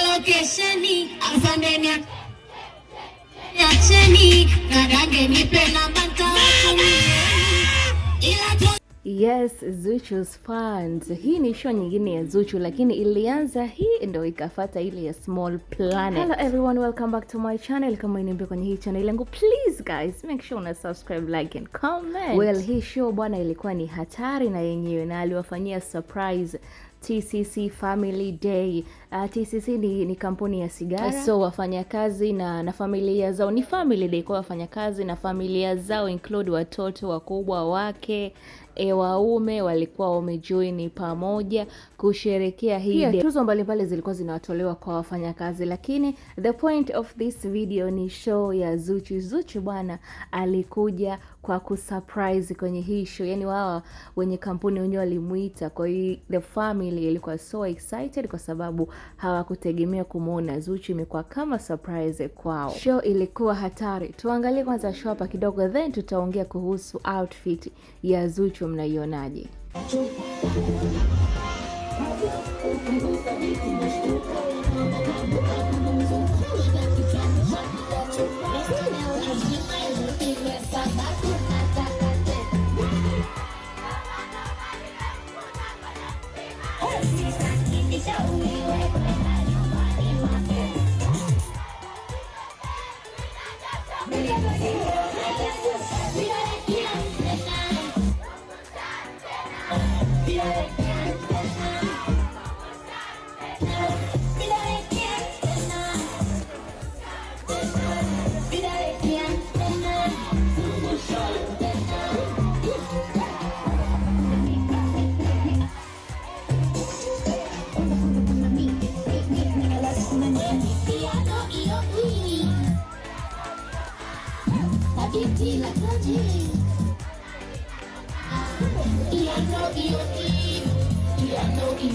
Location, I'm sending ya. Location, I'm sending Yes, Zuchu's fans. Hii ni show nyingine ya Zuchu lakini ilianza hii ndo ikafata ile ya Small Planet. Hello everyone, welcome back to my channel. Kama ni mpya kwenye hii channel yangu, please guys, make sure una subscribe, like and comment. Well, hii show bwana ilikuwa ni hatari na yenyewe na aliwafanyia surprise TCC Family Day. Uh, ah, TCC ni, ni kampuni ya sigara, so wafanyakazi na na familia zao ni family day kwa wafanyakazi na familia zao include watoto wakubwa wake e, waume walikuwa wamejoini pamoja kusherekea hii yeah. Tuzo mbalimbali zilikuwa zinatolewa kwa wafanyakazi, lakini the point of this video ni show ya Zuchu. Zuchu bwana alikuja kwa kusurprise kwenye hii show, yani wao wenye kampuni wenyewe walimwita Kwa hiyo the family ilikuwa so excited kwa sababu hawakutegemea kumwona Zuchu, imekuwa kama surprise kwao. Show ilikuwa hatari, tuangalie kwanza show hapa kidogo, then tutaongea kuhusu outfit ya Zuchu mnaionaje? อีก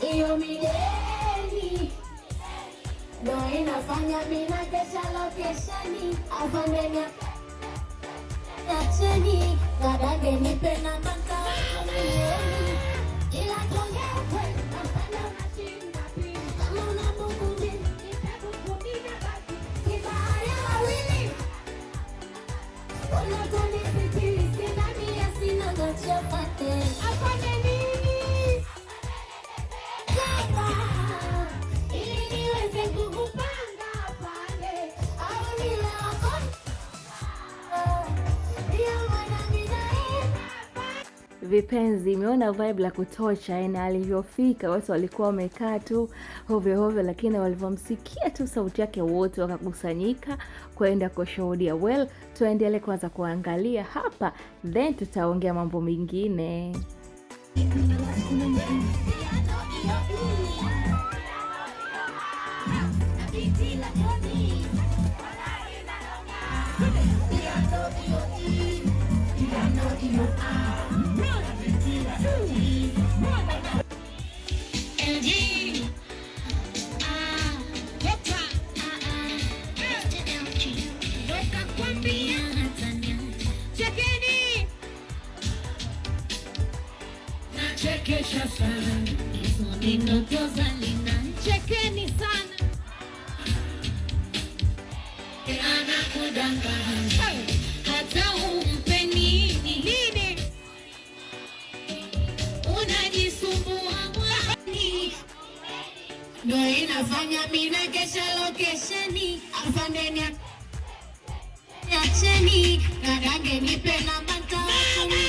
Hiyo mideni ndo ni mina kesha lokesheni afandenya nacheni kadage nipe na makaaa Vipenzi, imeona vibe la kutosha na yaani alivyofika watu walikuwa wamekaa tu hovyo hovyo, lakini walivyomsikia tu sauti yake wote wakakusanyika kwenda kushuhudia. Well, tuendelee kwanza kuangalia hapa, then tutaongea mambo mengine. Kesha sana ninotoza linachekeni sana hata nini ndo inafanya mina kesha lokesheni afandeni acheni nipe na matawa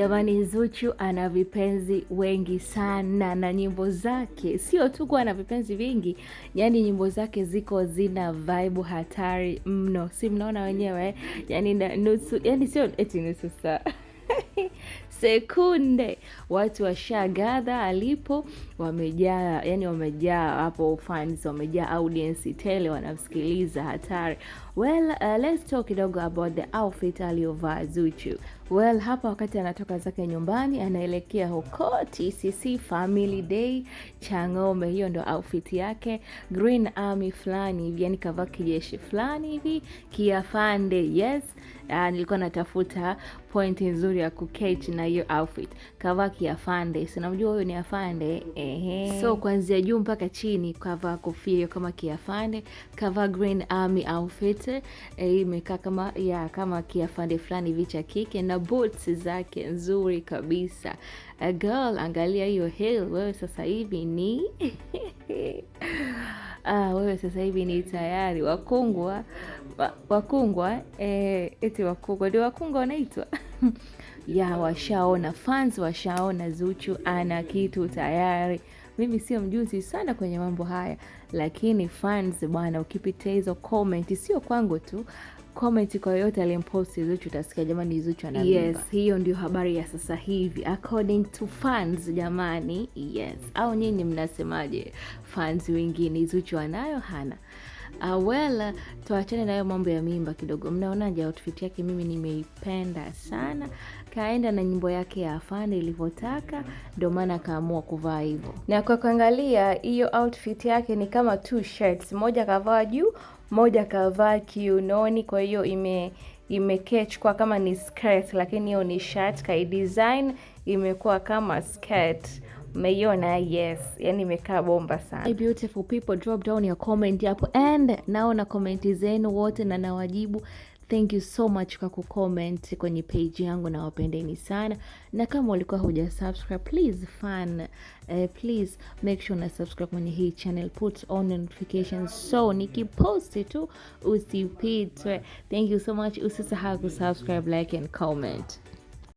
Jamani, Zuchu ana vipenzi wengi sana, na nyimbo zake sio tu kuwa na vipenzi vingi, yani nyimbo zake ziko zina vibe hatari mno, si mnaona wenyewe? Yani nusu, yani sio eti nusu saa sekunde watu washagadha alipo, wamejaa yani, wamejaa hapo fans, wamejaa audience tele, wanamsikiliza hatari. Well, uh, let's talk kidogo about the outfit aliyovaa Zuchu. Well, hapa wakati anatoka zake nyumbani anaelekea huko TCC Family Day Chang'ombe, hiyo ndo outfit yake, Green Army fulani hivi, yani kavaa kijeshi fulani hivi kiafande. Yes, uh, nilikuwa natafuta point nzuri ya kuketch na hiyo outfit, kavaa kiafande, si unajua huyo ni afande ehe. So kuanzia juu mpaka chini kavaa kofia hiyo kama kiafande, kavaa Green Army outfit yote e, eh, imekaa kama ya kama kiafande fulani hivi cha kike na boots zake nzuri kabisa. A girl, angalia hiyo heel wewe, sasa hivi ni Ah, wewe sasa hivi ni tayari wakungwa wa, wakungwa eh, eti wakungwa ndio wakungwa wanaitwa ya washaona, fans washaona Zuchu ana kitu tayari mimi sio mjuzi sana kwenye mambo haya, lakini fans bwana, ukipitia hizo comment sio kwangu tu comment kwa yoyote aliyemposti Zuchu utasikia jamani, Zuchu ana Yes, hiyo ndio habari ya sasa hivi according to fans jamani. Yes, au nyinyi mnasemaje fans wengine, Zuchu anayo hana? Uh, well, tuachane nayo mambo ya mimba kidogo. Mnaonaje outfit yake? Mimi nimeipenda sana. Kaenda na nyimbo yake ya afande ilivyotaka, ndio maana akaamua kuvaa hivyo. Na kwa kuangalia hiyo outfit yake ni kama two shirts, moja kavaa juu moja kavaa kiunoni, kwa hiyo ime imekechukua kama ni skirt, lakini hiyo ni shirt. Kai design imekuwa kama skirt. Umeiona? Yes, yani imekaa bomba sana. Hey beautiful people, drop down your comment hapo, and naona komenti zenu wote na nawajibu Thank you so much kwa kucomment kwenye page yangu, na wapendeni sana, na kama ulikuwa huja subscribe please fan uh, please make sure na subscribe kwenye hii channel, put on notifications so nikiposti tu usipitwe. Thank you so much, usisahau kusubscribe, like and comment.